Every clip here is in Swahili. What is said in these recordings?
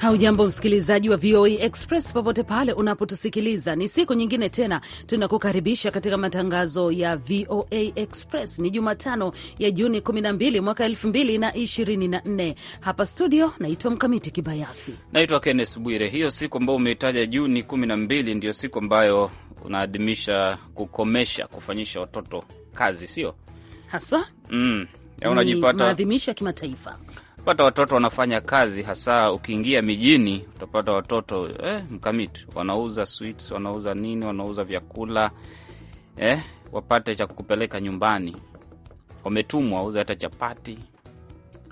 Haujambo msikilizaji wa VOA e Express popote pale unapotusikiliza, ni siku nyingine tena tunakukaribisha katika matangazo ya VOA e Express. Ni Jumatano ya Juni 12 mwaka 2024. Hapa studio naitwa Mkamiti Kibayasi, naitwa Kennes Bwire. Hiyo siku ambayo umeitaja Juni 12 ndiyo siku ambayo unaadhimisha kukomesha kufanyisha watoto kazi, sio haswa? Mm, unajipata maadhimisho ya kimataifa pata watoto wanafanya kazi, hasa ukiingia mijini utapata watoto eh, mkamiti wanauza sweets, wanauza nini, wanauza vyakula eh, wapate cha kupeleka nyumbani, wametumwa wauza hata chapati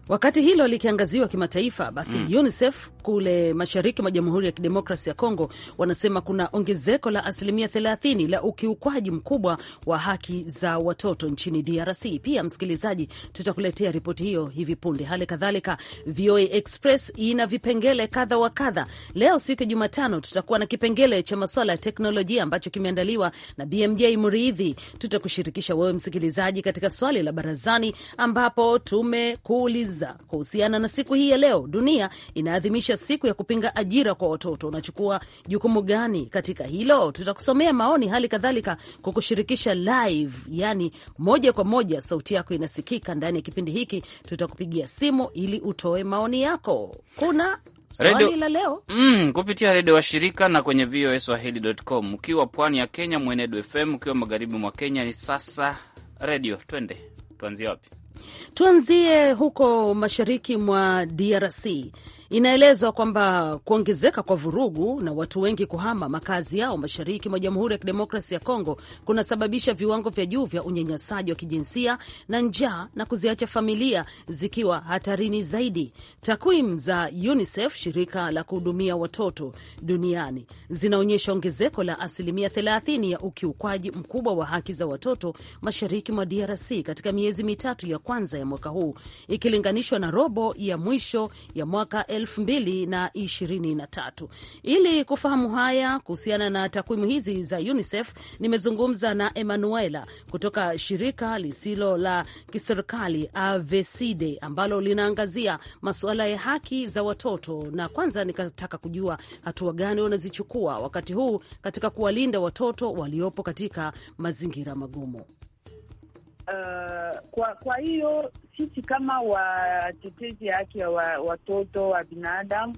Wakati hilo likiangaziwa kimataifa, basi mm. UNICEF kule mashariki mwa Jamhuri ya Kidemokrasi ya Kongo wanasema kuna ongezeko la asilimia 30 la ukiukwaji mkubwa wa haki za watoto nchini DRC. Pia msikilizaji, tutakuletea ripoti hiyo hivi punde. Hali kadhalika, VOA Express ina vipengele kadha wa kadha. Leo siku ya Jumatano tutakuwa na kipengele cha masuala ya teknolojia ambacho kimeandaliwa na BMJ Mridhi. Tutakushirikisha wewe msikilizaji katika swali la barazani ambapo tumekuuliza kuuliza kuhusiana na siku hii ya leo, dunia inaadhimisha siku ya kupinga ajira kwa watoto. Unachukua jukumu gani katika hilo? Tutakusomea maoni, hali kadhalika kukushirikisha live, yani moja kwa moja sauti yako inasikika ndani ya kipindi hiki. Tutakupigia simu ili utoe maoni yako. Kuna swali la leo mm, kupitia redio wa shirika na kwenye VOA Swahili.com. Ukiwa pwani ya Kenya, Mwenedu FM, ukiwa magharibi mwa Kenya ni sasa redio. Twende tuanzie wapi? Tuanzie huko mashariki mwa DRC Inaelezwa kwamba kuongezeka kwa vurugu na watu wengi kuhama makazi yao mashariki mwa Jamhuri ya Kidemokrasi ya Kongo kunasababisha viwango vya juu vya unyanyasaji wa kijinsia na njaa na kuziacha familia zikiwa hatarini zaidi. Takwimu za UNICEF, shirika la kuhudumia watoto duniani, zinaonyesha ongezeko la asilimia 30 ya ukiukwaji mkubwa wa haki za watoto mashariki mwa DRC katika miezi mitatu ya kwanza ya mwaka huu ikilinganishwa na robo ya mwisho ya mwaka elfu mbili na ishirini na tatu. Ili kufahamu haya kuhusiana na takwimu hizi za UNICEF nimezungumza na Emanuela kutoka shirika lisilo la kiserikali avecide ambalo linaangazia masuala ya haki za watoto, na kwanza nikataka kujua hatua gani wanazichukua wakati huu katika kuwalinda watoto waliopo katika mazingira magumu. Eh, kwa kwa hiyo sisi kama watetezi haki ya wa, watoto wa binadamu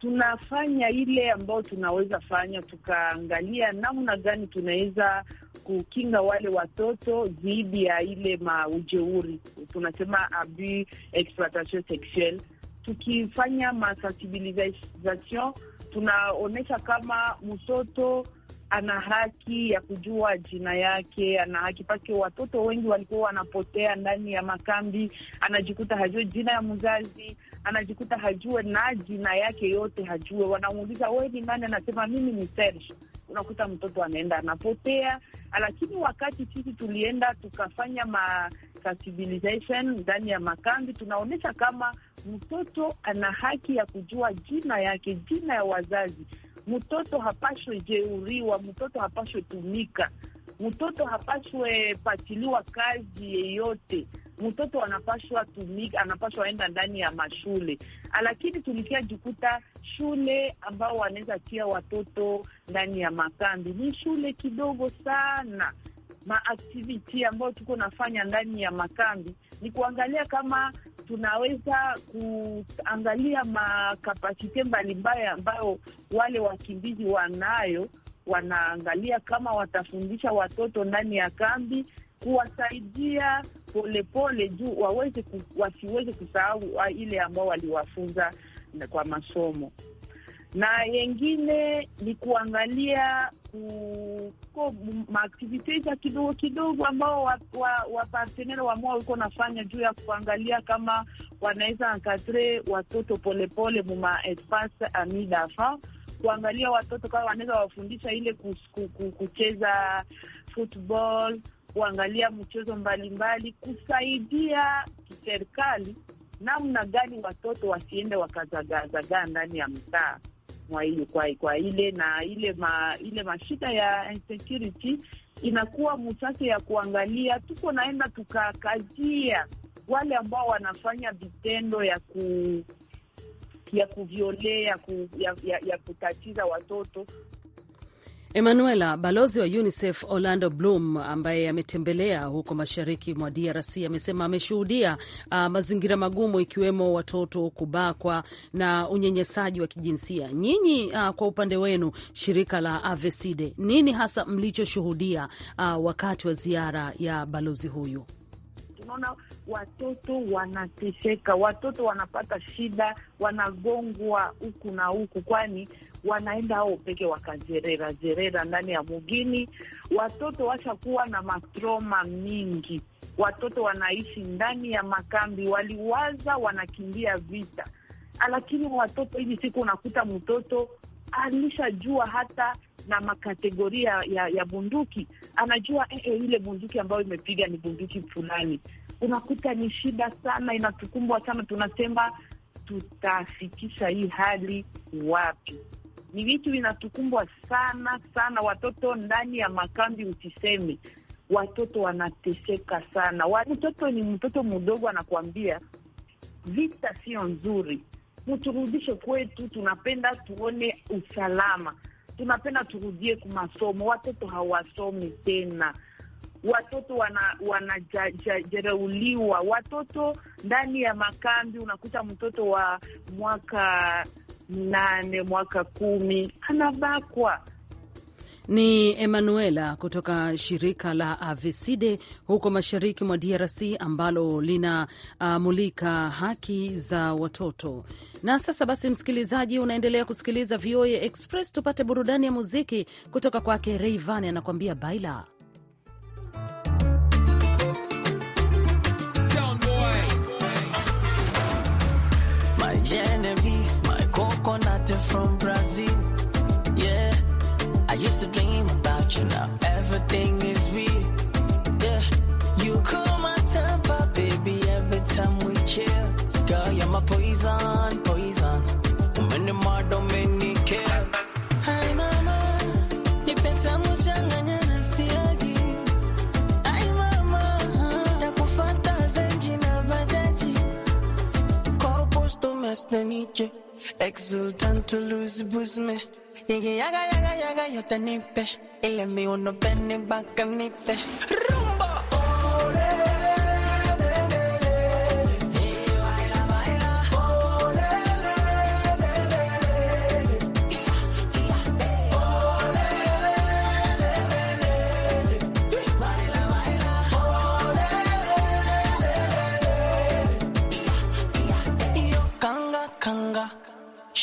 tunafanya ile ambayo tunaweza fanya, tukaangalia namna gani tunaweza kukinga wale watoto dhidi ya ile maujeuri tunasema abus exploitation Tukifanya masensibilisation tunaonyesha kama mtoto ana haki ya kujua jina yake, ana haki pake. Watoto wengi walikuwa wanapotea ndani ya makambi, anajikuta hajue jina ya mzazi, anajikuta hajue na jina yake yote hajue. Wanamuuliza wewe ni nani, anasema mimi ni Serge. Unakuta mtoto anaenda anapotea, lakini wakati sisi tulienda tukafanya ma sensibilization ndani ya makambi, tunaonyesha kama mtoto ana haki ya kujua jina yake, jina ya wazazi mtoto hapashwe jeuriwa, mtoto hapashwe tumika, mtoto hapashwe patiliwa kazi yeyote, mtoto anapashwa tumika, anapashwa enda ndani ya mashule. Lakini tulikia jikuta shule ambao wanaweza tia watoto ndani ya makambi ni shule kidogo sana. Maaktiviti ambayo tuko nafanya ndani ya makambi ni kuangalia kama tunaweza kuangalia makapasite mbalimbali ambayo wale wakimbizi wanayo, wanaangalia kama watafundisha watoto ndani ya kambi kuwasaidia polepole juu waweze ku, wasiweze kusahau ah, ile ambao waliwafunza kwa masomo na yengine ni kuangalia kuko maaktiviteza kidogo kidogo ambao wapartenere wa, wa wamoa uko nafanya juu ya kuangalia kama wanaweza ankadre watoto polepole mumaespase ami dafa kuangalia watoto kama wanaweza wafundisha ile kucheza football, kuangalia mchezo mbalimbali, kusaidia kiserikali namna gani watoto wasiende wakazagaazagaa ndani ya mtaa mwa ile kwa, kwa ile na ile ma, ile mashida ya insecurity inakuwa mchache ya kuangalia, tuko naenda tukakazia wale ambao wanafanya vitendo ya ku ya kuviolea ya, ku, ya, ya, ya kutatiza watoto Emanuela, balozi wa UNICEF Orlando Bloom ambaye ametembelea huko mashariki mwa DRC amesema ameshuhudia uh, mazingira magumu ikiwemo watoto kubakwa na unyenyesaji wa kijinsia. Nyinyi uh, kwa upande wenu shirika la avecide nini hasa mlichoshuhudia uh, wakati wa ziara ya balozi huyu? Tunaona watoto wanateseka, watoto wanapata shida, wanagongwa huku na huku, kwani wanaenda ao peke wakazerera zerera ndani ya mugini. Watoto washakuwa na matroma mingi, watoto wanaishi ndani ya makambi, waliwaza wanakimbia vita, lakini watoto hivi siku unakuta mtoto alishajua hata na makategoria ya, ya bunduki anajua eh, eh, ile bunduki ambayo imepiga ni bunduki fulani. Unakuta ni shida sana, inatukumbwa sana. Tunasema tutafikisha hii hali wapi? ni vitu vinatukumbwa sana sana. Watoto ndani ya makambi usiseme, watoto wanateseka sana. Mtoto ni mtoto mdogo, anakuambia vita sio nzuri, muturudishe kwetu, tunapenda tuone usalama, tunapenda turudie kumasomo. Watoto hawasomi tena watoto wanajereuliwa, wana watoto ndani ya makambi. Unakuta mtoto wa mwaka nane mwaka kumi anabakwa. Ni Emanuela kutoka shirika la Aveside huko mashariki mwa DRC ambalo linamulika uh, haki za watoto. Na sasa basi, msikilizaji, unaendelea kusikiliza VOA Express, tupate burudani ya muziki kutoka kwake Rayvan, anakuambia baila Sound Don Latte from Brazil. Yeah, I used to dream about you. Now everything is real. Yeah, you cool my temper, baby. Every time we chill, girl, you're my poison, poison. Many more Dominican. Hi, mama. Nipensa muchanganya na siagi. Hi, mama. me has Exultante luz busme. y yaga, yaga, yaga, yo te nipe. Y le mi no ven bacanipe.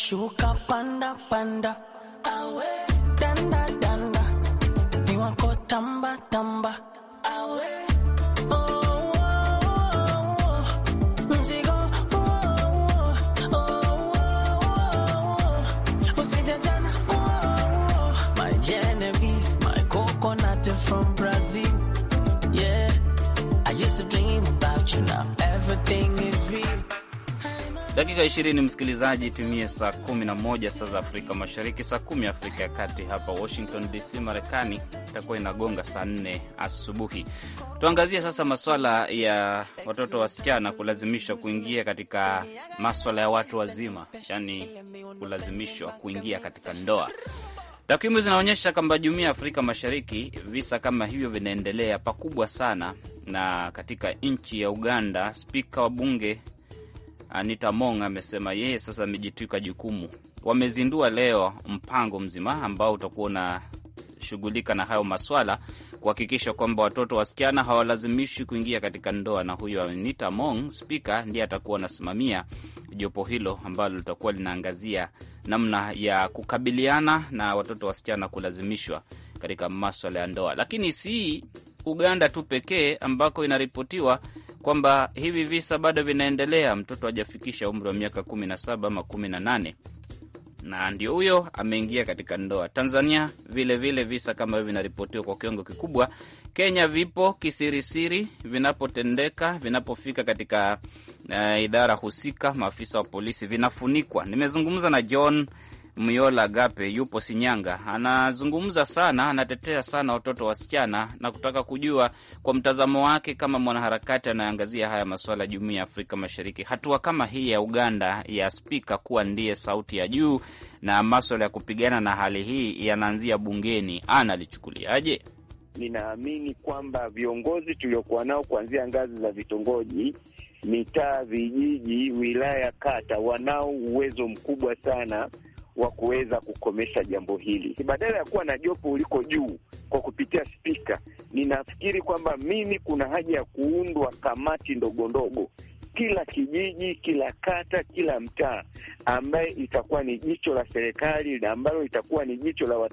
Shuka panda panda, awe danda danda, niwako tamba tamba dakika 20, msikilizaji, tumie saa 11 saa za Afrika Mashariki, saa 10 Afrika ya Kati. Hapa Washington DC, Marekani, itakuwa inagonga saa 4 asubuhi. Tuangazie sasa maswala ya watoto wasichana kulazimishwa kuingia katika maswala ya watu wazima, yani kulazimishwa kuingia katika ndoa. Takwimu zinaonyesha kwamba jumuiya ya Afrika Mashariki visa kama hivyo vinaendelea pakubwa sana, na katika nchi ya Uganda spika wa bunge Anita Mong amesema yeye sasa amejitwika jukumu. Wamezindua leo mpango mzima ambao utakuwa unashughulika na hayo maswala kuhakikisha kwamba watoto wasichana hawalazimishi kuingia katika ndoa, na huyo Anita Mong, spika, ndiye atakuwa anasimamia jopo hilo ambalo litakuwa linaangazia namna ya kukabiliana na watoto wasichana kulazimishwa katika maswala ya ndoa. Lakini si Uganda tu pekee ambako inaripotiwa kwamba hivi visa bado vinaendelea. Mtoto hajafikisha umri wa miaka kumi na saba ama kumi na nane na ndio huyo ameingia katika ndoa. Tanzania vilevile vile visa kama hivyo vinaripotiwa kwa kiwango kikubwa. Kenya vipo kisirisiri, vinapotendeka vinapofika katika uh, idara husika, maafisa wa polisi vinafunikwa. Nimezungumza na John myola Gape yupo sinyanga anazungumza sana, anatetea sana watoto wasichana na kutaka kujua kwa mtazamo wake kama mwanaharakati anayeangazia haya masuala ya jumuiya ya Afrika Mashariki, hatua kama hii ya Uganda ya spika kuwa ndiye sauti ya juu na maswala ya kupigana na hali hii yanaanzia bungeni, analichukuliaje? Ninaamini kwamba viongozi tuliokuwa nao kuanzia ngazi za vitongoji, mitaa, vijiji, wilaya, kata, wanao uwezo mkubwa sana wa kuweza kukomesha jambo hili, badala ya kuwa na jopo uliko juu kwa kupitia spika. Ninafikiri kwamba mimi, kuna haja ya kuundwa kamati ndogo ndogo kila kijiji, kila kata, kila mtaa, ambaye itakuwa ni jicho la serikali na ambalo itakuwa ni jicho la,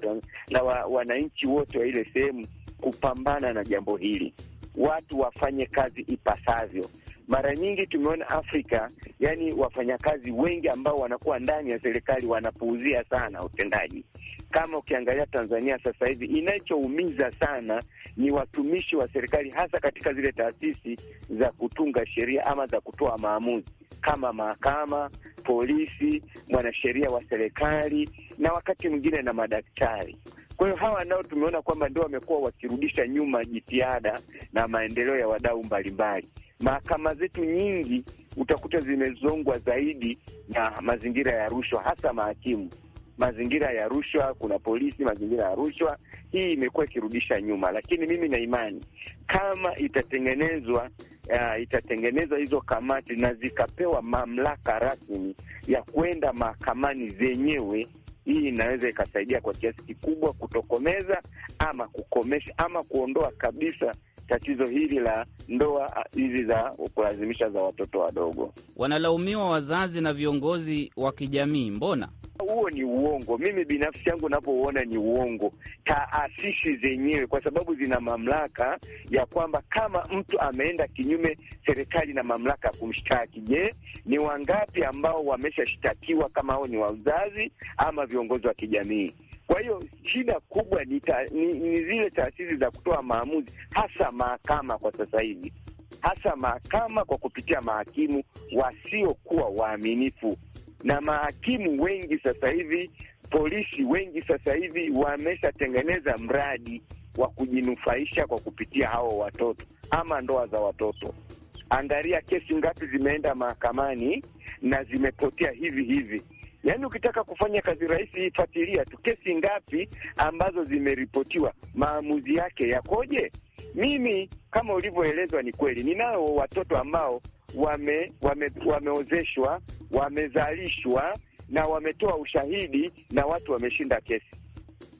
la wa, wananchi wote wa ile sehemu kupambana na jambo hili. Watu wafanye kazi ipasavyo, mara nyingi tumeona Afrika, yani wafanyakazi wengi ambao wanakuwa ndani ya serikali wanapuuzia sana utendaji. Kama ukiangalia Tanzania sasa hivi, inachoumiza sana ni watumishi wa serikali, hasa katika zile taasisi za kutunga sheria ama za kutoa maamuzi kama mahakama, polisi, mwanasheria wa serikali na wakati mwingine na madaktari. Kwa hiyo hawa nao tumeona kwamba ndio wamekuwa wakirudisha nyuma jitihada na maendeleo ya wadau mbalimbali mahakama zetu nyingi utakuta zimezongwa zaidi na mazingira ya rushwa, hasa mahakimu, mazingira ya rushwa, kuna polisi, mazingira ya rushwa. Hii imekuwa ikirudisha nyuma, lakini mimi na imani kama itatengenezwa Uh, itatengeneza hizo kamati na zikapewa mamlaka rasmi ya kwenda mahakamani zenyewe. Hii inaweza ikasaidia kwa kiasi kikubwa kutokomeza ama kukomesha ama kuondoa kabisa tatizo hili la ndoa hizi za kulazimisha za watoto wadogo. Wanalaumiwa wazazi na viongozi wa kijamii. Mbona huo ni uongo? Mimi binafsi yangu napouona ni uongo. Taasisi zenyewe kwa sababu zina mamlaka ya kwamba kama mtu ameenda kinyume, serikali na mamlaka ya kumshtaki. Je, ni wangapi ambao wameshashtakiwa kama hao ni wazazi ama viongozi wa kijamii? Kwa hiyo shida kubwa ni, ta, ni, ni zile taasisi za kutoa maamuzi, hasa mahakama kwa sasa hivi, hasa mahakama kwa kupitia mahakimu wasiokuwa waaminifu, na mahakimu wengi sasa hivi, polisi wengi sasa hivi wameshatengeneza mradi wa kujinufaisha kwa kupitia hao watoto ama ndoa za watoto. Angalia kesi ngapi zimeenda mahakamani na zimepotea hivi hivi. Yaani ukitaka kufanya kazi rahisi, fuatilia tu kesi ngapi ambazo zimeripotiwa, maamuzi yake yakoje. Mimi kama ulivyoelezwa, ni kweli ninao watoto ambao wame, wame, wameozeshwa wamezalishwa na wametoa ushahidi na watu wameshinda kesi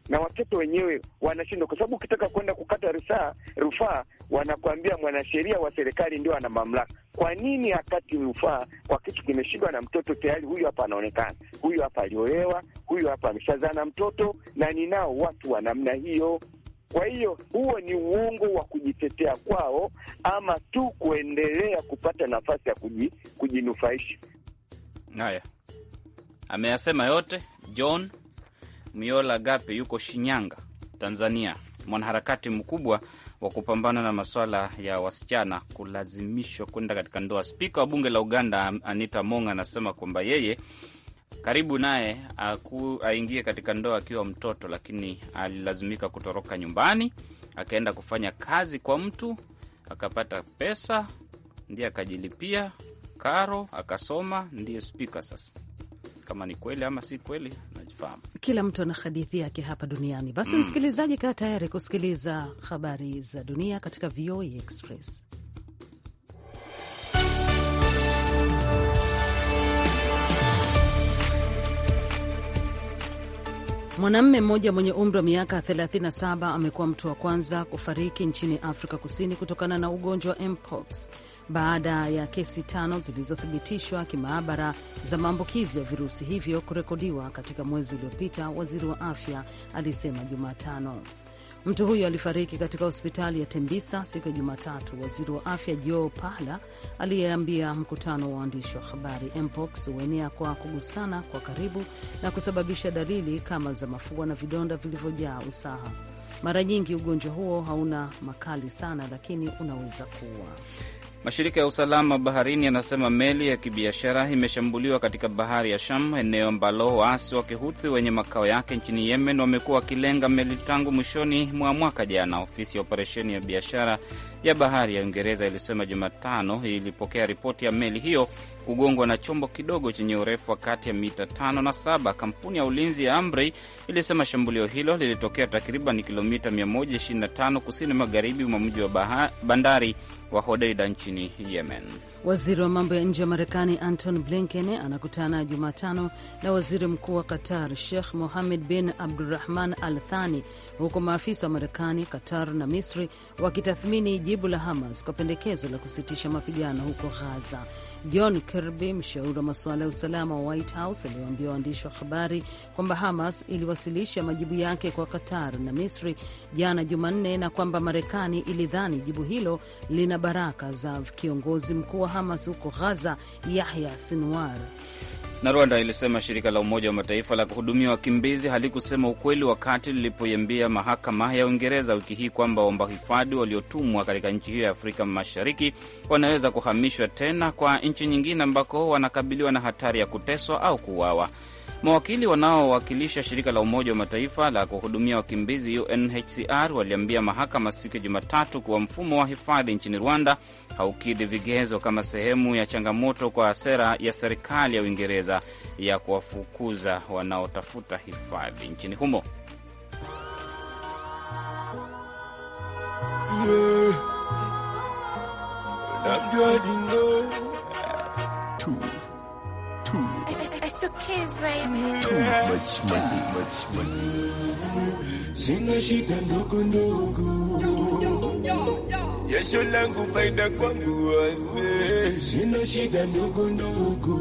na watoto wenyewe wanashindwa, kwa sababu ukitaka kwenda kukata rufaa, rufaa wanakuambia mwanasheria wa serikali ndio ana mamlaka. Kwa nini hakati rufaa kwa kitu kimeshindwa na mtoto tayari? Huyu hapa anaonekana, huyu hapa aliolewa, huyu hapa na mtoto, na ninao watu wa namna hiyo. Kwa hiyo huo ni uongo wa kujitetea kwao, ama tu kuendelea kupata nafasi ya kujinufaisha. Haya ameyasema yote John Miola Gape, yuko Shinyanga, Tanzania mwanaharakati mkubwa wa kupambana na maswala ya wasichana kulazimishwa kwenda katika ndoa. Spika wa bunge la Uganda Anita Mong anasema kwamba yeye karibu naye aingie katika ndoa akiwa mtoto, lakini alilazimika kutoroka nyumbani akaenda kufanya kazi kwa mtu, akapata pesa, ndiye akajilipia karo, akasoma, ndiye spika sasa kama ni kweli ama si kweli, najifahamu. Kila mtu ana hadithi yake hapa duniani. Basi mm, msikilizaji, kaa tayari kusikiliza habari za dunia katika VOA e Express. Mwanamume mmoja mwenye umri wa miaka 37 amekuwa mtu wa kwanza kufariki nchini Afrika Kusini kutokana na ugonjwa wa mpox baada ya kesi tano zilizothibitishwa kimaabara za maambukizi ya virusi hivyo kurekodiwa katika mwezi uliopita, waziri wa afya alisema Jumatano. Mtu huyo alifariki katika hospitali ya Tembisa siku ya Jumatatu. Waziri wa afya Joe pala aliyeambia mkutano wa waandishi wa habari, mpox huenea kwa kugusana kwa karibu na kusababisha dalili kama za mafua na vidonda vilivyojaa usaha. Mara nyingi ugonjwa huo hauna makali sana, lakini unaweza kuua. Mashirika ya usalama baharini yanasema meli ya kibiashara imeshambuliwa katika bahari ya Sham, eneo ambalo waasi wa kihuthi wenye makao yake nchini Yemen wamekuwa wakilenga meli tangu mwishoni mwa mwaka jana. Ofisi ya operesheni ya biashara ya bahari ya Uingereza ilisema Jumatano ilipokea ripoti ya meli hiyo kugongwa na chombo kidogo chenye urefu wa kati ya mita tano na saba. Kampuni ya ulinzi ya Amri ilisema shambulio hilo lilitokea takriban kilomita 125 kusini magharibi mwa mji wa bandari wa Hodeida nchini Yemen. Waziri wa mambo ya nje wa Marekani Anton Blinken anakutana Jumatano na waziri mkuu wa Qatar Sheikh Mohammed bin Abdurahman Al Thani, huku maafisa wa Marekani, Qatar na Misri wakitathmini jibu la Hamas kwa pendekezo la kusitisha mapigano huko Ghaza. John Kirby, mshauri wa masuala ya usalama wa White House, aliwaambia waandishi wa habari kwamba Hamas iliwasilisha majibu yake kwa Qatar na Misri jana Jumanne, na kwamba Marekani ilidhani jibu hilo lina baraka za kiongozi mkuu wa Hamas huko Ghaza, Yahya Sinwar na Rwanda ilisema shirika la Umoja wa Mataifa la kuhudumia wakimbizi halikusema ukweli wakati lilipoiambia mahakama ya Uingereza wiki hii kwamba waomba hifadhi waliotumwa katika nchi hiyo ya Afrika Mashariki wanaweza kuhamishwa tena kwa nchi nyingine ambako wanakabiliwa na hatari ya kuteswa au kuuawa. Mawakili wanaowakilisha shirika la Umoja wa Mataifa la kuhudumia wakimbizi UNHCR waliambia mahakama siku ya Jumatatu kuwa mfumo wa hifadhi nchini Rwanda haukidhi vigezo kama sehemu ya changamoto kwa sera ya serikali ya Uingereza ya kuwafukuza wanaotafuta hifadhi nchini humo. Yeah. I still kiss, my Too much money, much money. Sina shida ndogo ndogo, jasho langu faida kwangu wewe. Sina shida ndogo ndogo,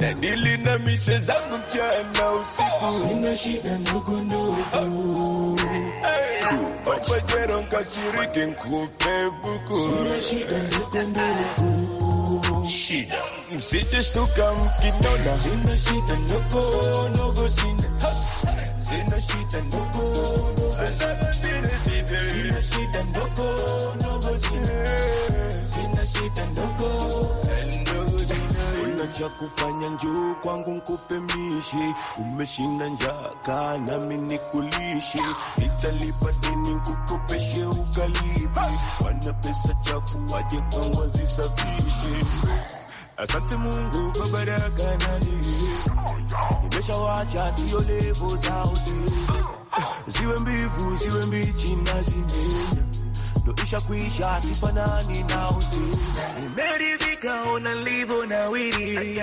nadili na mishe zangu mchana usiku. Sina shida ndogo ndogo Opajero nkashiriki nkupe buku. Sina shida ndogo ndogo, shida msijishtuka cha kufanya njoo kwangu nkupe mishi, umeshinda njaa kaa nami nikulishi, nitalipa deni nkukopeshe ukalibi, wana pesa chafu waje kwangu wazisafishe Asante Mungu kwa baraka nani, nimeshawacha sio levo uti, ziwe mbivu ziwe mbichi na zimenya, ndo isha kuisha sifanani na uti. Nimeridhika ona na nawiri,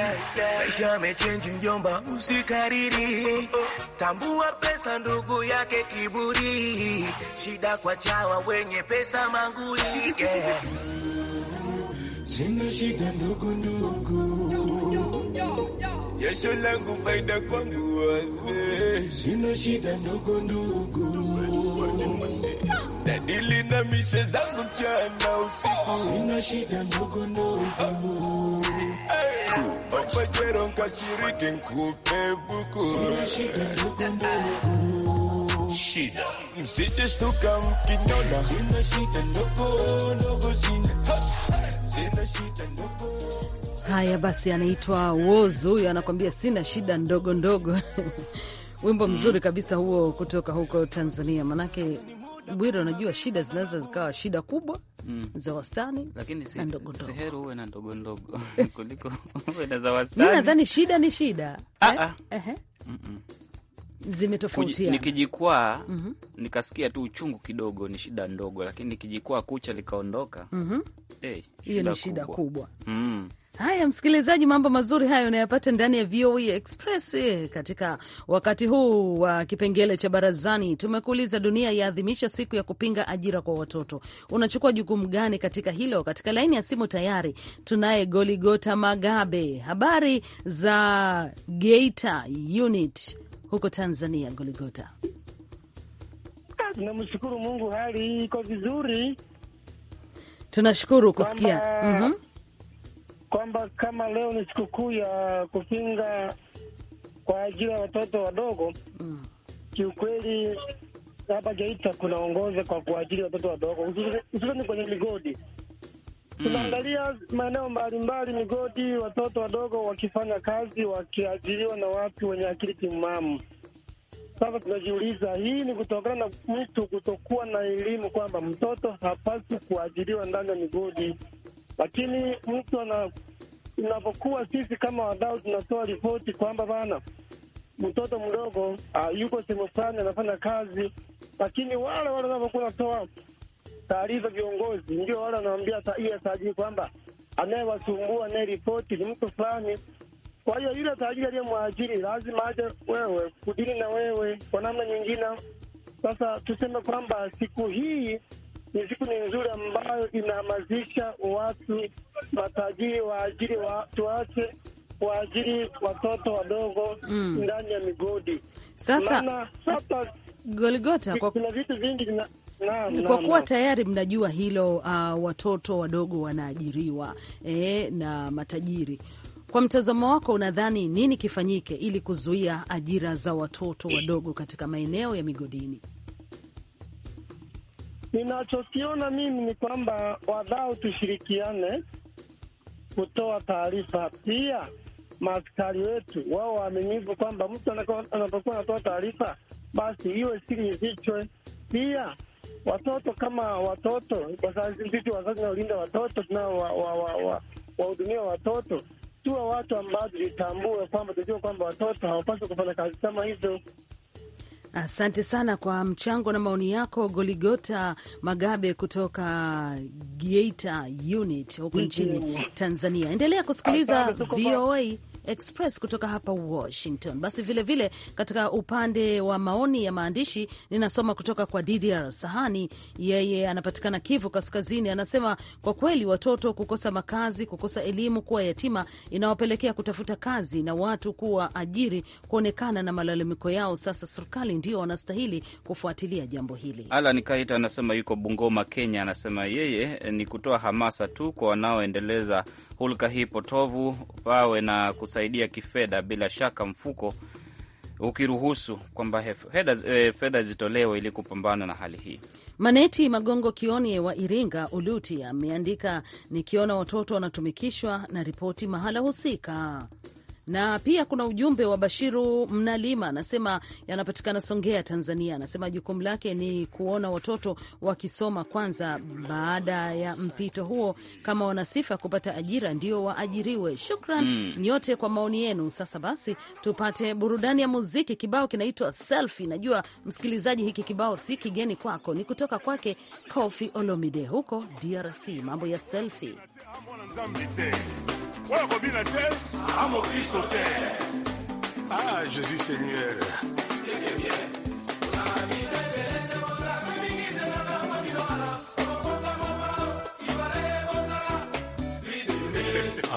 maisha yamechenji mjomba, usikariri. Tambua pesa ndugu yake kiburi, shida kwa chawa wenye pesa manguli yeah. sina shida ndogo ndogo, jasho langu faida kwangu wazee, sina shida ndogo ndogo nadili na mishe zangu mchana usiku, sina shida ndogo ndogo. Mapajero nkashiriki nkupe buku, sina shida ndogo ndogo. Shida msije shtuka mkinyona, sina shida ndogo ndogo, sina Haya basi, anaitwa Wozu huyo, anakwambia sina shida ndogo ndogo. Wimbo mzuri kabisa huo kutoka huko Tanzania, manake Bwira, unajua shida zinaweza zikawa shida kubwa mm, za wastani si, na ndogo ndogo. uwe na ndogo ndogo kuliko uwe na za wastani. Mi nadhani shida ni shida ah, eh? ah. Eh? Mm -mm zimetofautiana. Nikijikwaa mm -hmm. nikasikia tu uchungu kidogo, ni shida ndogo, lakini nikijikwaa kucha likaondoka mm -hmm. Eh, hey, ni shida kubwa, kubwa. Mm. Haya, msikilizaji, mambo mazuri hayo unayapata ndani ya VOA e Express. Eh, katika wakati huu wa uh, kipengele cha barazani, tumekuuliza dunia yaadhimisha siku ya kupinga ajira kwa watoto, unachukua jukumu gani katika hilo? Katika laini ya simu tayari tunaye Goligota Magabe, habari za Geita Unit huko Tanzania, Goligota? Tunamshukuru Mungu, hali iko vizuri. Tunashukuru kusikia mhm. kwamba, mm -hmm. kama leo ni sikukuu ya kupinga kwa ajili ya watoto wadogo mm. Kiukweli hapa Geita kunaongoza kwa kuajili watoto wadogo hususani kwenye migodi tunaangalia mm. maeneo mbalimbali migodi, watoto wadogo wakifanya kazi, wakiajiriwa na watu wenye akili timamu. Sasa tunajiuliza hii ni kutokana na mtu kutokuwa na elimu kwamba mtoto hapaswi kuajiriwa ndani ya migodi, lakini mtu ana inapokuwa sisi kama wadau tunatoa ripoti kwamba bana, mtoto mdogo uh, yuko sehemu fulani anafanya kazi, lakini wale wale wanapokuwa natoa taarifa, viongozi ndio wale wanaambia hiyo tajiri kwamba anayewasumbua ripoti ni mtu fulani. Kwa hiyo yule tajiri mwajiri lazima aje wewe kudini na wewe kwa namna nyingine. Sasa tuseme kwamba siku hii ni siku ni nzuri ambayo inahamasisha watu matajiri waajiri watu wache waajiri watoto wadogo mm, ndani ya migodi. Sasa Mana, Goligota, kwa kuna vitu vingi vina no, no, kwa kuwa no. Tayari mnajua hilo uh, watoto wadogo wanaajiriwa eh, na matajiri. Kwa mtazamo wako, unadhani nini kifanyike ili kuzuia ajira za watoto wadogo katika maeneo ya migodini? Ninachokiona mimi ni kwamba wadau tushirikiane kutoa taarifa, pia maaskari wetu wao waaminivu, kwamba mtu anapokuwa anatoa taarifa basi iwe siri ifichwe pia watoto kama watoto, sisi wazazi naolinda watoto tunao wahudumia wa, wa, wa, watoto tuwa watu ambao tujitambue kwamba tujua kwamba watoto hawapaswi kufanya kazi kama hizo. Asante sana kwa mchango na maoni yako Goligota Magabe kutoka Geita unit huko nchini Tanzania. Endelea kusikiliza VOA Express kutoka hapa Washington. Basi vilevile vile, katika upande wa maoni ya maandishi ninasoma kutoka kwa DDR Sahani, yeye anapatikana Kivu Kaskazini. Anasema kwa kweli watoto kukosa makazi, kukosa elimu, kuwa yatima inawapelekea kutafuta kazi na watu kuwa ajiri kuonekana na malalamiko yao. Sasa serikali ndio wanastahili kufuatilia jambo hili. Alan Kaita anasema yuko Bungoma, Kenya, anasema yeye ni kutoa hamasa tu kwa wanaoendeleza hulka hii potovu, pawe na kusaidia kifedha, bila shaka mfuko ukiruhusu kwamba eh, fedha zitolewe ili kupambana na hali hii. Maneti Magongo kioni wa Iringa Uluti ameandika, nikiona watoto wanatumikishwa na ripoti mahala husika. Na pia kuna ujumbe wa Bashiru Mnalima, anasema yanapatikana Songea, Tanzania. Anasema jukumu lake ni kuona watoto wakisoma kwanza, baada ya mpito huo kama wanasifa kupata ajira ndio waajiriwe. Shukran mm, nyote kwa maoni yenu. Sasa basi tupate burudani ya muziki. Kibao kinaitwa Selfie. Najua msikilizaji, hiki kibao si kigeni kwako, ni kutoka kwake Kofi Olomide huko DRC, mambo ya selfie ah jésus seigneur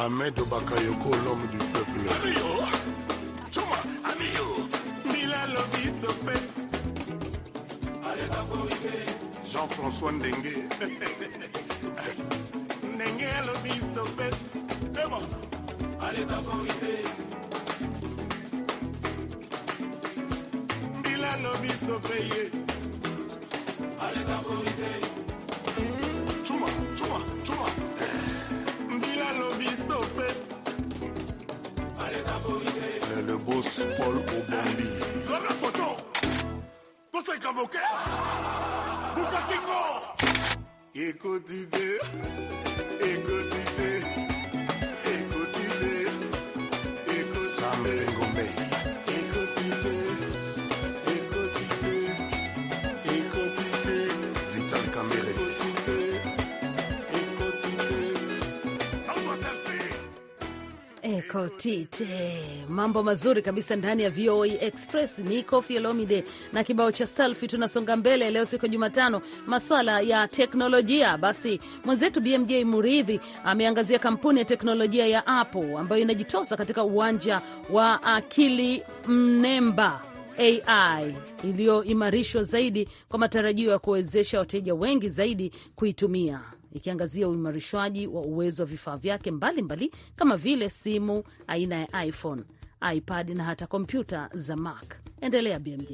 Ahmed l'homme du peuple. Jean-François Ndengue. en lo visto, pues. Vemos. Allez, tamborisé. Vila, lo visto, peye. Allez, tamborisé. Chuma, chuma, chuma. Vila, lo visto, pe. Allez, tamborisé. Le boss Paul Obambi. La photo. Conseil Kamoke. Bukasingo. Écoute idée, écoute idée, écoute idée, écoute idée. Écoute idée, écoute idée, écoute idée. Vital Caméré. Écoute idée, écoute idée. Écoute ecco, idée. mambo mazuri kabisa ndani ya VOA Express. Ni Kofi Elomide na kibao cha selfi. Tunasonga mbele leo, siku ya Jumatano, maswala ya teknolojia. Basi mwenzetu BMJ Muridhi ameangazia kampuni ya teknolojia ya Apple ambayo inajitosa katika uwanja wa akili mnemba AI iliyoimarishwa zaidi kwa matarajio ya kuwezesha wateja wengi zaidi kuitumia ikiangazia uimarishwaji wa uwezo wa vifaa vyake mbalimbali mbali, kama vile simu aina ya iPhone iPad na hata kompyuta za Mac. Endelea BMJ.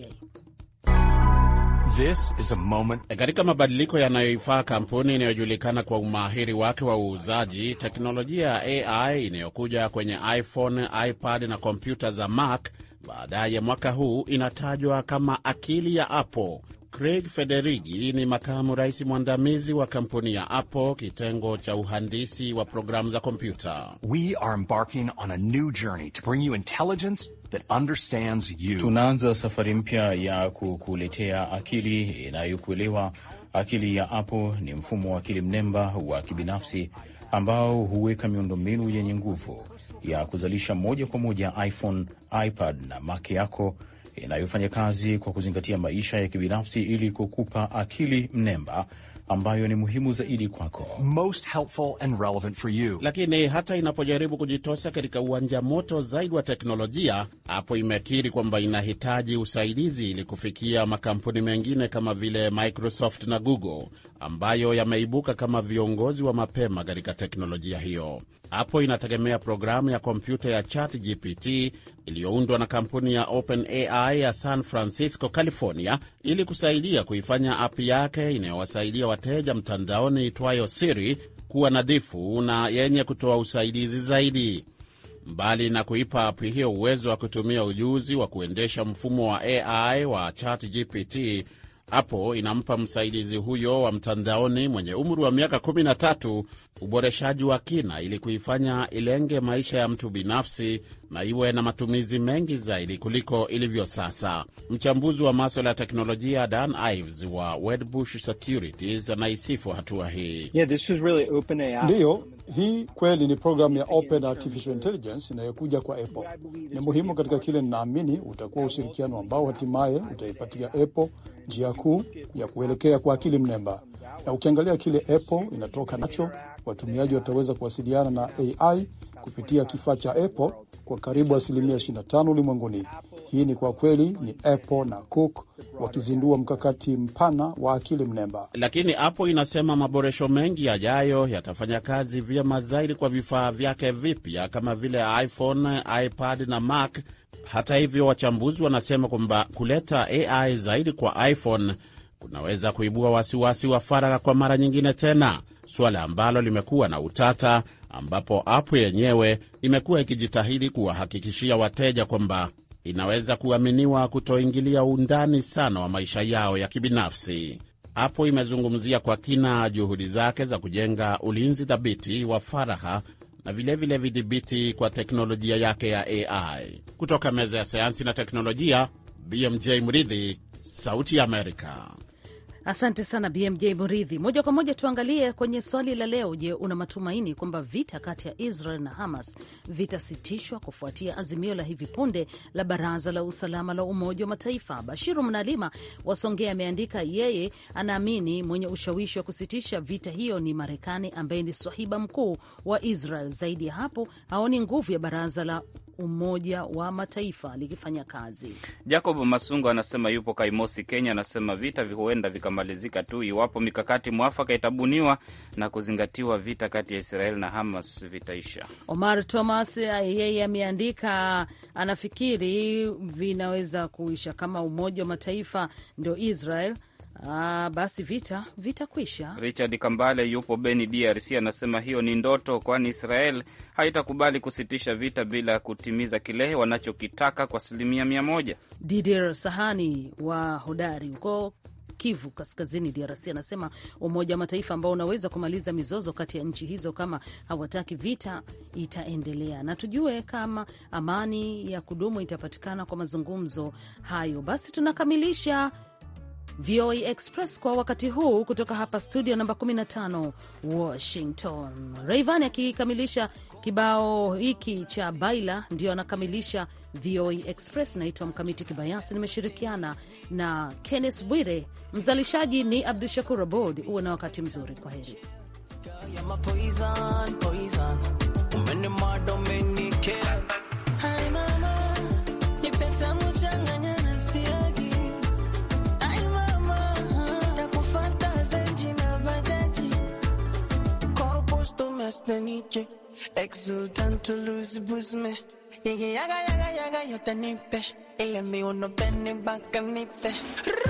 E, katika mabadiliko yanayoifaa kampuni inayojulikana kwa umahiri wake wa uuzaji, teknolojia ya AI inayokuja kwenye iPhone, iPad na kompyuta za Mac baadaye mwaka huu inatajwa kama akili ya Apple. Craig Federighi ni makamu rais mwandamizi wa kampuni ya Apple kitengo cha uhandisi wa programu za kompyuta. We are embarking on a new journey to bring you intelligence that understands you. Tunaanza safari mpya ya kukuletea akili inayokuelewa. Akili ya Apple ni mfumo wa akili mnemba wa kibinafsi ambao huweka miundombinu yenye nguvu ya kuzalisha moja kwa moja iPhone, iPad na Mac yako inayofanya kazi kwa kuzingatia maisha ya kibinafsi ili kukupa akili mnemba ambayo ni muhimu zaidi kwako, most helpful and relevant for you. Lakini hata inapojaribu kujitosa katika uwanja moto zaidi wa teknolojia, hapo imekiri kwamba inahitaji usaidizi ili kufikia makampuni mengine kama vile Microsoft na Google ambayo yameibuka kama viongozi wa mapema katika teknolojia hiyo. Hapo inategemea programu ya kompyuta ya ChatGPT iliyoundwa na kampuni ya OpenAI ya San Francisco, California, ili kusaidia kuifanya app yake inayowasaidia wateja mtandaoni itwayo Siri kuwa nadhifu na yenye kutoa usaidizi zaidi. Mbali na kuipa app hiyo uwezo wa kutumia ujuzi wa kuendesha mfumo wa AI wa ChatGPT, hapo inampa msaidizi huyo wa mtandaoni mwenye umri wa miaka 13 uboreshaji wa kina ili kuifanya ilenge maisha ya mtu binafsi na iwe na matumizi mengi zaidi kuliko ilivyo sasa. Mchambuzi wa maswala ya teknolojia Dan Ives wa Wedbush Securities anaisifu hatua hii. Yeah, really ndiyo hii kweli ni programu ya Open Artificial Intelligence inayokuja kwa Apple. Ni muhimu katika kile ninaamini utakuwa ushirikiano ambao hatimaye utaipatia Apple njia kuu ya kuelekea kwa akili mnemba, na ukiangalia kile Apple inatoka nacho, watumiaji wataweza kuwasiliana na AI kupitia kifaa cha Apple kwa karibu asilimia 25 ulimwenguni. Hii ni kwa kweli ni Apple na Cook wakizindua mkakati mpana wa akili mnemba, lakini Apple inasema maboresho mengi yajayo yatafanya kazi vyema zaidi kwa vifaa vyake vipya kama vile iPhone, iPad na Mac. Hata hivyo, wachambuzi wanasema kwamba kuleta AI zaidi kwa iPhone kunaweza kuibua wasiwasi wa faragha kwa mara nyingine tena, suala ambalo limekuwa na utata ambapo apu yenyewe imekuwa ikijitahidi kuwahakikishia wateja kwamba inaweza kuaminiwa kutoingilia undani sana wa maisha yao ya kibinafsi. Apu imezungumzia kwa kina juhudi zake za kujenga ulinzi thabiti wa faraha na vilevile vidhibiti kwa teknolojia yake ya AI. Kutoka meza ya sayansi na teknolojia, BMJ Mridhi, Sauti ya Amerika. Asante sana BMJ Muridhi. Moja kwa moja tuangalie kwenye swali la leo. Je, una matumaini kwamba vita kati ya Israel na Hamas vitasitishwa kufuatia azimio la hivi punde la Baraza la Usalama la Umoja wa Mataifa? Bashiru Mnalima Wasongea ameandika yeye anaamini mwenye ushawishi wa kusitisha vita hiyo ni Marekani ambaye ni swahiba mkuu wa Israel. Zaidi ya hapo, haoni nguvu ya Baraza la Umoja wa Mataifa likifanya kazi. Jacob Masungu anasema yupo Kaimosi, Kenya, anasema vita huenda vikamalizika tu iwapo mikakati mwafaka itabuniwa na kuzingatiwa. Vita kati ya Israel na Hamas vitaisha. Omar Thomas yeye ameandika, anafikiri vinaweza kuisha kama Umoja wa Mataifa ndio Israel Ah, basi vita vitakwisha. Richard Kambale yupo Beni, DRC, anasema hiyo ni ndoto, kwani Israel haitakubali kusitisha vita bila kutimiza kile wanachokitaka kwa asilimia mia moja. Didier Sahani wa Hodari huko Kivu Kaskazini, DRC, anasema Umoja wa Mataifa ambao unaweza kumaliza mizozo kati ya nchi hizo, kama hawataki vita itaendelea, na tujue kama amani ya kudumu itapatikana kwa mazungumzo hayo. Basi tunakamilisha VOA Express kwa wakati huu kutoka hapa studio namba 15 Washington. Rayvan akikamilisha kibao hiki cha Baila ndio anakamilisha VOA Express. Naitwa Mkamiti Kibayasi, nimeshirikiana na Kenneth Bwire, mzalishaji ni Abdu Shakur Abod. Uwe na wakati mzuri, kwa heri. horas noche, exultan tu luz, busme. yo te El no